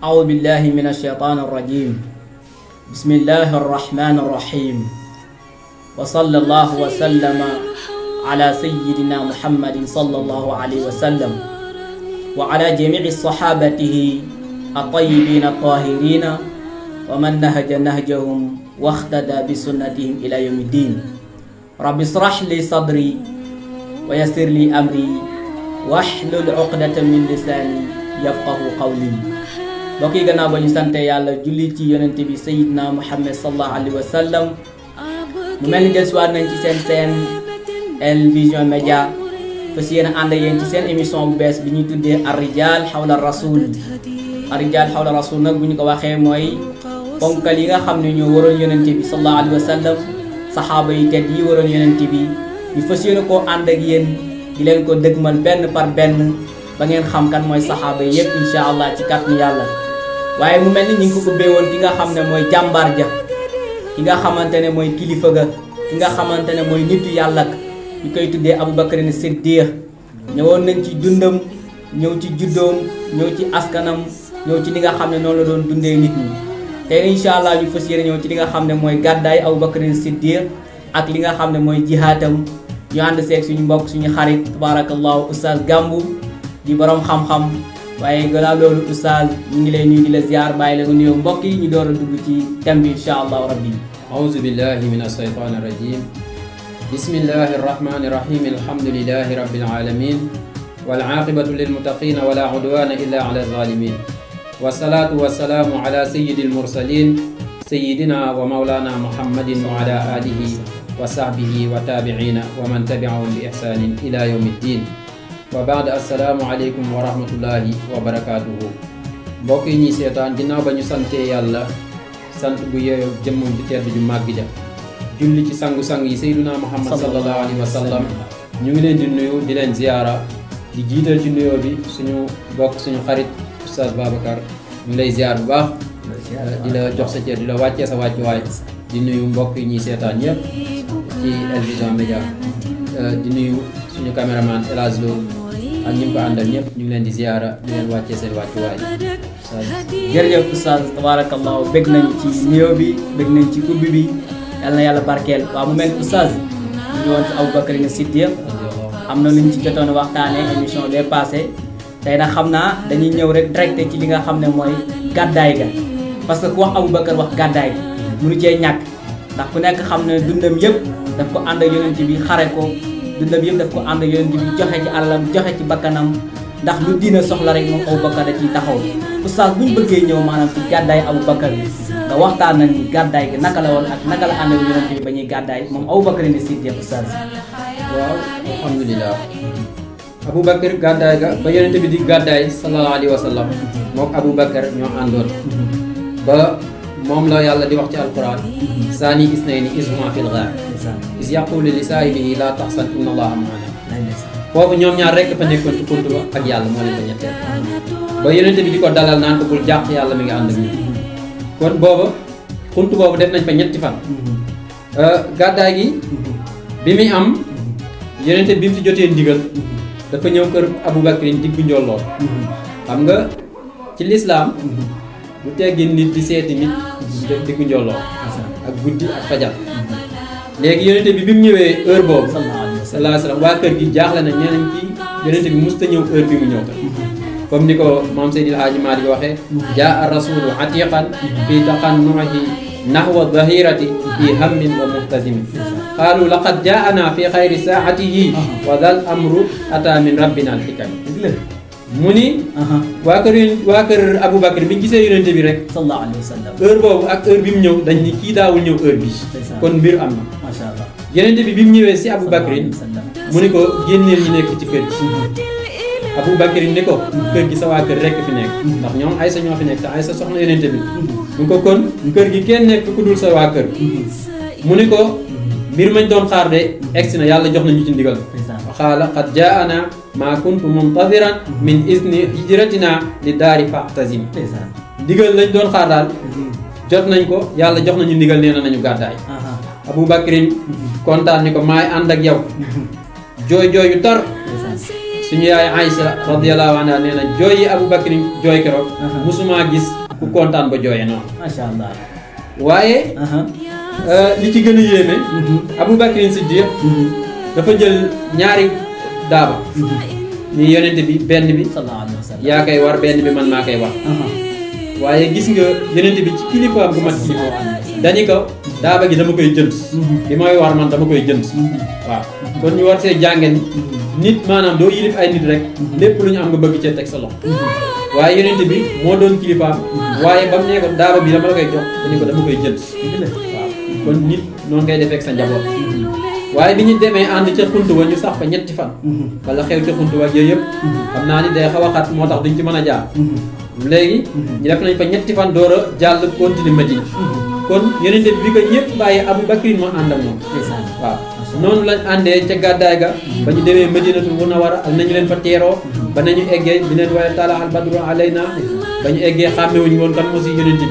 أعوذ بالله من الشيطان الرجيم بسم الله الرحمن الرحيم وصلى الله وسلم على سيدنا محمد صلى الله عليه وسلم وعلى جميع صحابته الطيبين الطاهرين ومن نهج نهجهم واختدى بسنتهم إلى يوم الدين رب اشرح لي صدري ويسر لي أمري واحلل عقدة من لساني يفقه قولي Boki yi gannaaw ba ñu julli ci yonent bi sayidna muhammad sallallahu Alaihi Wasallam mu mel ni dellusiwaat nañ ci seen seen el vision média fa si yéen ànd yéen ci seen émission bu bees arrijal xawla rasul arrijal xawla rasul nag bu ñu ko waxee mooy ponkal yi nga xam ñoo waroon yonent bi sallallahu Alaihi Wasallam sallam saxaaba yi tedd yi waroon yonent bi ñu fas yéene koo ak yéen di leen ko dëgmal benn par ben? ba ngeen xam kan mooy saxaaba yépp insha allah ci kàttanu waaye mu mel ni ñu ngi ko ubbee woon ki nga xam ne mooy jàmbaar ja ki nga xamante ne kilifa ga ki nga xamante ne mooy nitu yàlla ñu koy tuddee Aboubacarine Siddiq ñëwoon nañ ci dundam ñëw ci ci askanam ñëw ci li nga xam ne la doon dundee nit ñi tey incha allah ñu fas yéene ñëw ci li nga xam ne mooy gàddaay Aboubacarine Siddiq ak li nga xam ne mooy ñu ànd seeg suñu mbokk suñu xarit oustaz Gambu di borom xam-xam waaye gannaaw loolu oustaz ñu ngi lay nuyu di la ziar bàyyi la nga nuyoo mbokk yi ñu door a dugg ci thème bi incha allahu rabbi أعوذ بالله من الشيطان الرجيم بسم الله الرحمن الرحيم الحمد لله رب العالمين والعاقبة للمتقين ولا عدوان إلا على الظالمين والصلاة والسلام على سيد المرسلين سيدنا ومولانا محمد وعلى آله وصحبه وتابعين ومن تبعهم بإحسان إلى يوم الدين wa baad asalaamualeykum wa rahmatullahi wa barakaatuhu mbokk yi ñuy seetaan ginnaaw ba ñu santee yàlla sant bu yeeyoo jëmmam bi tedd ju màgg ja julli ci sangu-sang yi sayduna muhammad sallallahu alayhi wa sallam ñu ngi leen di nuyu di leen ziyaara di jiital ci nuyoo bi suñu bokk suñu xarit oustaz Babacar ñu lay ziyaar bu baax di la jox sa cër di la wàcce sa wàcc wàccuwaay di nuyu mbokk yi ñuy seetaan ñëpp ci El Vision di nuyu suñu caméraman El Hadj ak ñi mu ko àndal ñëpp ñu leen di ziyaara di leen wàccee seen wàccuwaay. jërëjëf oustaz tabaarakallaahu bëgg nañ ci nuyoo bi bëgg nañ ci ubbi bi yal na yàlla barkeel waaw mu mel oustaz ñu ngi woon ci Aboubacar nga Siddiq am na lu ñu ci jotoon waxtaanee émission bee passé tey nag xam naa dañuy ñëw rek direct ci li nga xam ne mooy gàddaay ga parce que ku wax Aboubacar wax gàddaay gi mënu cee ñàkk ndax ku nekk xam ne dundam yëpp daf ko dundam yëpp daf ko ànd ak yonent joxe ci àllam joxe ci bakkanam ndax lu diina soxla rek moom Aboubacar da ci taxaw oustaz bu ñu bëggee ñëw maanaam ci gàddaay Aboubacar bi nga waxtaan nañ ni gàddaay gi naka la woon ak naka la ànd ak yonent bi ba ñuy gàddaay moom Aboubacar ni si jéem oustaz waaw alhamdulilah Aboubacar gàddaay ga ba yonent bi di gàddaay sallallahu alayhi wa sallam moom Aboubacar ñoo àndoon ba moom la yàlla di wax ci alquran saani isnayni isma fil ghaar is yaqulu li saahibihi laa tax taxsan inna allaha maana foofu ñoom ñaar rek fa nekkoon ci xuntu ak yàlla moo leen fa ñetteel di ko dalal naan ko bul yàlla mi nga ànd ak ñun kon booba xuntu boobu def nañ fa ñetti fan mhm. euh, gàddaay gi mhm. bi muy am mhm. yonente bi mu fi jotee ndigal dafa ñëw kër Abubakar diggu njolloo xam nga ci lislaam du teggin nit di seeti nit ah, di ku njolloo ah. ak guddi ak fajar léegi yonente bi bi mu ñëwee heure boobu sallallahu alayhi wasallam waa kër gi jaaxle na ñeneen ki yonente bi musta ñëw heure bi mu ñëw kat comme ni ko maam Seydil Hadji Malick waxee jaa ar rasulu atiqan fii taqannuhi nahwa dahirati fi hammin wa muhtasimin qaalu a jaana fi xayri saatihi wa dal amru ata min rabbina mu ni. waa kër yéen waa kër Aboubacar bi ñu gisee yonente bi rek. sallallahu alayhi wa sallam heure boobu ak heure bi mu ñëw dañ ni kii daawul ñëw heure bi kon mbir am na. macha allah yonente bi bi mu ñëwee si Aboubacar mu ni ko génneel ñu nekk ci kër gi. Aboubacar ni ko. Mhm. kër gi sa waa kër rek fi nekk. Mhm. ndax ñoom Aysa ñoo fi nekk te Aysa soxna yonente bi. Mhm. mu ko kon kër gi kenn nekk ku dul sa waa kër. mu ni ko. mbir mañ doon xaar de egsi na yàlla jox nañu ci ndigal xaala xad jaana maa kuntu muntaziran min isni hijratina li daari faxtasim ndigal lañ doon xaar daal mhm. jot nañ ko yàlla jox nañu ndigal nee na nañu gàddaay abou bacrin mhm. kontaan ni ko maay ànd ak yow mhm. jooy jooy yu tar suñu yaay Aïcha radiyallahu anha nee na jooy yi abou bacrin jooy keroog musuma gis ku kontaan ba jooyee noonu allah waaye Euh, li ci gën a yéeme. si mhm. Siddiq mhm. dafa jël ñaari daaba. Mhm. ni yonent bi benn bi. yaa koy war benn bi man maa koy war. waaye gis nga yonent bi ci kilifaam bu mat kilifa. dañu ko daaba gi dama koy jënd. li may war man dama koy jënd. waaw kon ñu war see jànge ni nit maanaam doo yilif ay nit rek. lépp lu ñu am nga bëgg ca teg sa loxo. waaye yonent bi moo doon kilifaam. waaye ba ne ko daaba bi dama la koy jox dañu ko dama koy jënd. kon nit noonu ngay defee ak sa njaboot. waaye bi ñu demee ànd ca xunt wa ñu sax fa ñetti fan. wala xew ca xunt wa ak yooyu yëpp. naa ni day xaw a xat moo tax duñ ci mën a jaar. léegi. ñu def nañ fa ñetti fan door a jàll continue Madina. kon yeneen bi bi ko ñëpp bàyyi Abu Bakrin moo ànd ak moom. waaw noonu lañ àndee ca gàddaay ga. ba ñu demee Madinatul Munawwara ak nañu leen fa teeroo. ba nañu eggee bi leen waye taala al badru alayna ba ñu eggee xàmmewuñu woon kan moo si yeneen bi.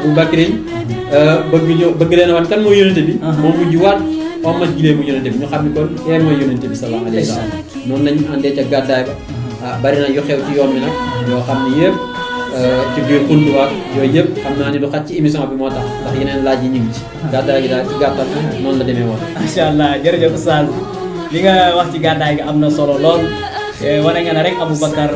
Abubakrin euh, bëgg ñëw bëgg leen wan kan mooy yonente bi moo mujj moo ommat gilee mu yonente bi ñu xam ni kon kee mooy yonente bi sallallahu alayhi wa sallam noonu lañ àndee ca gàddaay ba uh-huh. ah, bari na yu xew ci yoon bi nag yoo xam ni yëpp euh, ci biir xuntuwaak yooyu yëpp xam naa ni lu xat ci émission bi moo tax ndax yeneen laaj yi ñu ngi ci uh-huh. gàddaay gi daal ci gàttal noonu la demee woon macha allah jërëjëf Oustaz li nga wax ci gàddaay gi am na solo lool eh, wane nga ne rek Aboubacar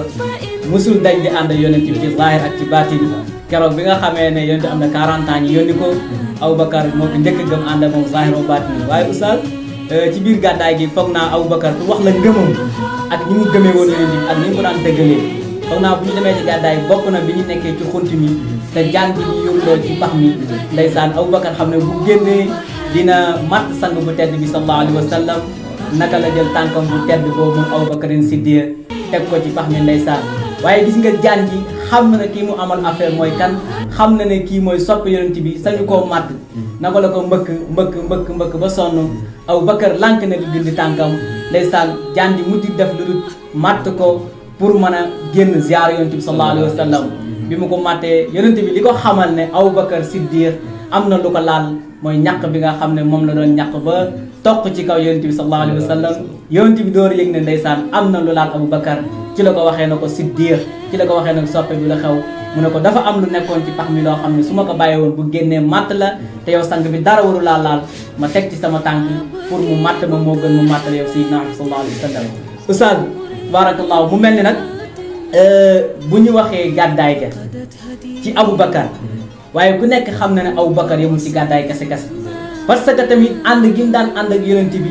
mosul dañ di ànd yonente bi ci zaahir ak ci baatin keroog bi nga xamee ne yonent am na 40 ans ñu yónni ko Aboubacar moo ko njëkk gëm ànd ak moom zahir wa baatin waaye oustaz euh, ci biir gàddaay gi foog naa Aboubacar pour wax la ngëmam ak ñi mu gëmee woon yonent bi ak ni mu ko daan dëggalee foog naa bu ñu demee ci gàddaay bokk na bi ñu nekkee ci xunt mi te jaan bi ñu yóbboo ci pax mi ndeysaan Aboubacar xam ne bu génnee dina matt sang bu tedd bi sallallahu alayhi wa sallam naka la jël tànkam bu tedd boobu moom Aboubacarin Siddiq teg ko ci pax mi ndeysaan waaye xam na kii mu amal affaire mooy kan xam na ne kii mooy sopp yonent bi sañu koo màtt naka la ko mbëkk mbëkk mbëkk mbëkk ba sonn aw bakkar lànk na di dindi tànkam ndeysaan mu di def lu dul màtt ko pour mën a génn ziar yonent bi sallallahu alayhi wa bi mu ko màttee yonent bi li ko xamal ne aw bakkar siddiir am na lu ko laal mooy ñàq bi nga xam ne moom la doon ñàq ba toq ci kaw yonent bi sallallahu alayhi wa sallam yonent bi door yëg ne ndeysaan am na lu laal abou ci la ko waxee na ko siddiir ci la ko waxee nag soppe bi la xew mu ne ko dafa am lu nekkoon ci pax mi loo xam ne su ma ko bàyyi woon bu génnee matt la te yow sang bi dara waru laa laal ma teg ci sama tànk pour mu matt ma moo gën mu matt la yow sayidna sallallahu alayhi wa sallam barakallahu mu mel ni nag euh, bu ñu waxee ga ci abou bakar waaye ku nekk xam ne abou bakar yemul ci gàddaay kase kase parce que tamit ànd gi mu daan ak yonent bi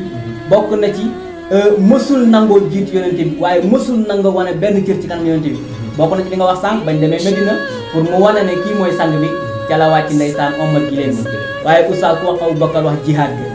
bokk na ci Euh, mësul nangoo jiit yonent bi waaye mësul nangoo wane benn cër ci kanam yonent bi mm-hmm. bokk na ci li nga wax sànq bañ de demee Medina pour mu wane ne kii mooy sang bi ca la wàcc ndeysaan ommat gi leen waaye oustaz ku wax Aboubacar wax jihaad bi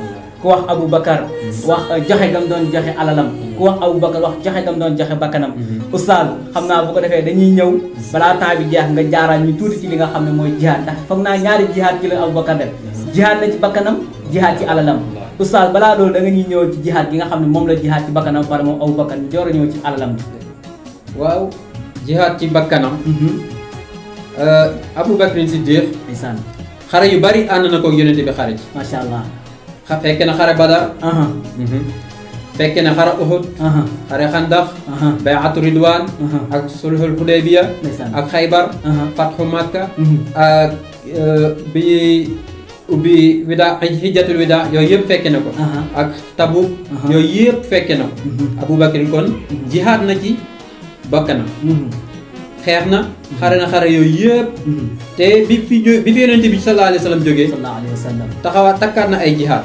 ku wax Aboubacar mm-hmm. wax euh, joxe gam doon joxe alalam ku wax Aboubacar wax joxe gam doon joxe bakkanam mm-hmm. oustaz xam naa bu ko defee dañuy ñëw balaa temps bi jeex nga jaaraan ñu tuuti ci li nga xam ne mooy jihaad ndax foog naa ñaari jihaad ci la Aboubacar def ji na ci bakkanam Jihad ci alalam oustaz balaa loolu da nga ñuy ñëw ci jihad. gi nga xam ne moom la jihaad ci bakkanam pare moom aw bakkan ñu joor ci alalam bi waaw jihaad ci bakkanam mhm. euh, aboubacrine siddiq ndeysaan xare yu bari ànd na ko yonente bi xare ci macha allah fekk na xare badar mhm. fekke na xare uhud xare Aha. bayatu ridwan ak sulhul hudaybiya ak xaybar fatxu makka mhm. ak euh, bi ubbi wida hijatul wida yooyu yëpp fekke na ko ak tabuk yooyu yëpp fekke na ko mhm. aboubacar kon mhm. jihaad na ci bakkanam mhm. xeex na mhm. xare na xare yooyu yëpp mhm. te bi fi bi fi yonente bi sallallahu alayhi wa sallam jógee taxawaat takkaat na ay jihaad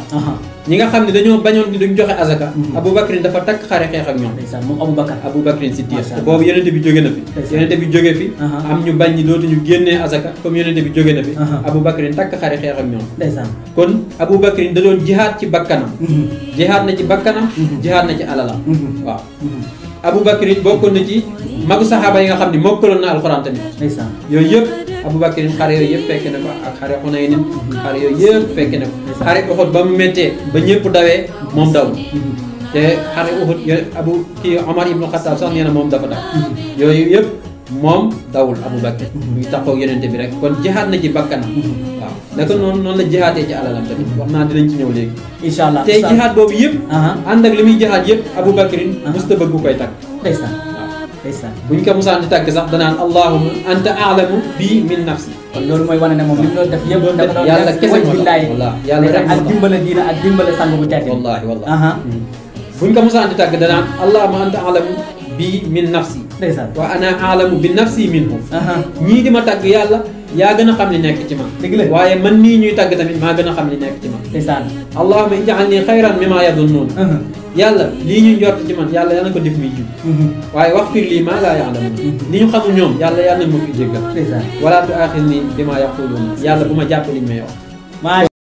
ñi nga xam ne dañoo bañoon ni duñ joxe azaka mhm. aboubacrin dafa takk xare xeex ak ñoom moom aboubacar aboubacrin si tiir te boobu yonente bi jóge na fi yonente bi jóge fi am ñu bañ ñi dootuñu génnee azaka comme yonente bi jóge na fi aboubacrin takk xare xeex ak ñoom kon aboubacrin da doon jihaad ci bakkanam jihaad na ci bakkanam jihaad na ci alalam waaw Aboubacar it bokkoon na ci magu saxaaba yi nga xam ne mokkaloon na alxuraan tamit. ndeysaan yooyu yëpp Aboubacar it xare yooyu yëpp fekke na ko ak xare xunay nit xare yooyu yëpp fekke na ko. xare Uhud ba mu méttee ba ñëpp dawee moom daw. Mm-hmm. te xare Uhud yooyu abu kii Omar ibnu Xataab sax nee moom dafa daw. Mm-hmm. yooyu yëpp. moom dawul Abu Bakr mhm. mu ngi taxaw yonente bi rek kon jihaat na ci bakkanam mhm. waaw naka noonu noonu la jihaatee ci alalam tamit mhm. wax naa dinañ ci ñëw léegi incha allah tey jihaat boobu yëpp ànd ak li muy jihaat yëpp Abu Bakrin musta bëgg koy takk ndeysaan ndeysaan buñ ko musaan di takk sax danaan allahuma anta aalamu bi min nafsi kon loolu mooy wane ne moom li mu doon def yëpp dafa doon yàlla kese billaay yàlla rek ak dimbale diina ak dimbale sàng bu tedd wallaahi wallaahi mm. buñ ko musaan di takk danaan allahuma anta aalamu bi min nafsi ndeysaan wa ana aalamu bi nafsi minhum ñii di ma tàgg yàlla yaa gën a xam li nekk ci man waaye man nii ñuy tàgg tamit maa gën a xam li nekk ci man ndeysaan allahuma ij'alni xayran mimma yadunnuun yàlla lii ñu njort ci man yàlla yal na ko def muy jiw mhm. waaye wax fir maa laa ya'lamuun mhm. li ñu xamul ñoom yàlla yal na ma ko jéggal wala tu'aaxidnii bimaa yaquuluun yàlla bu ma jàpp liñ may wax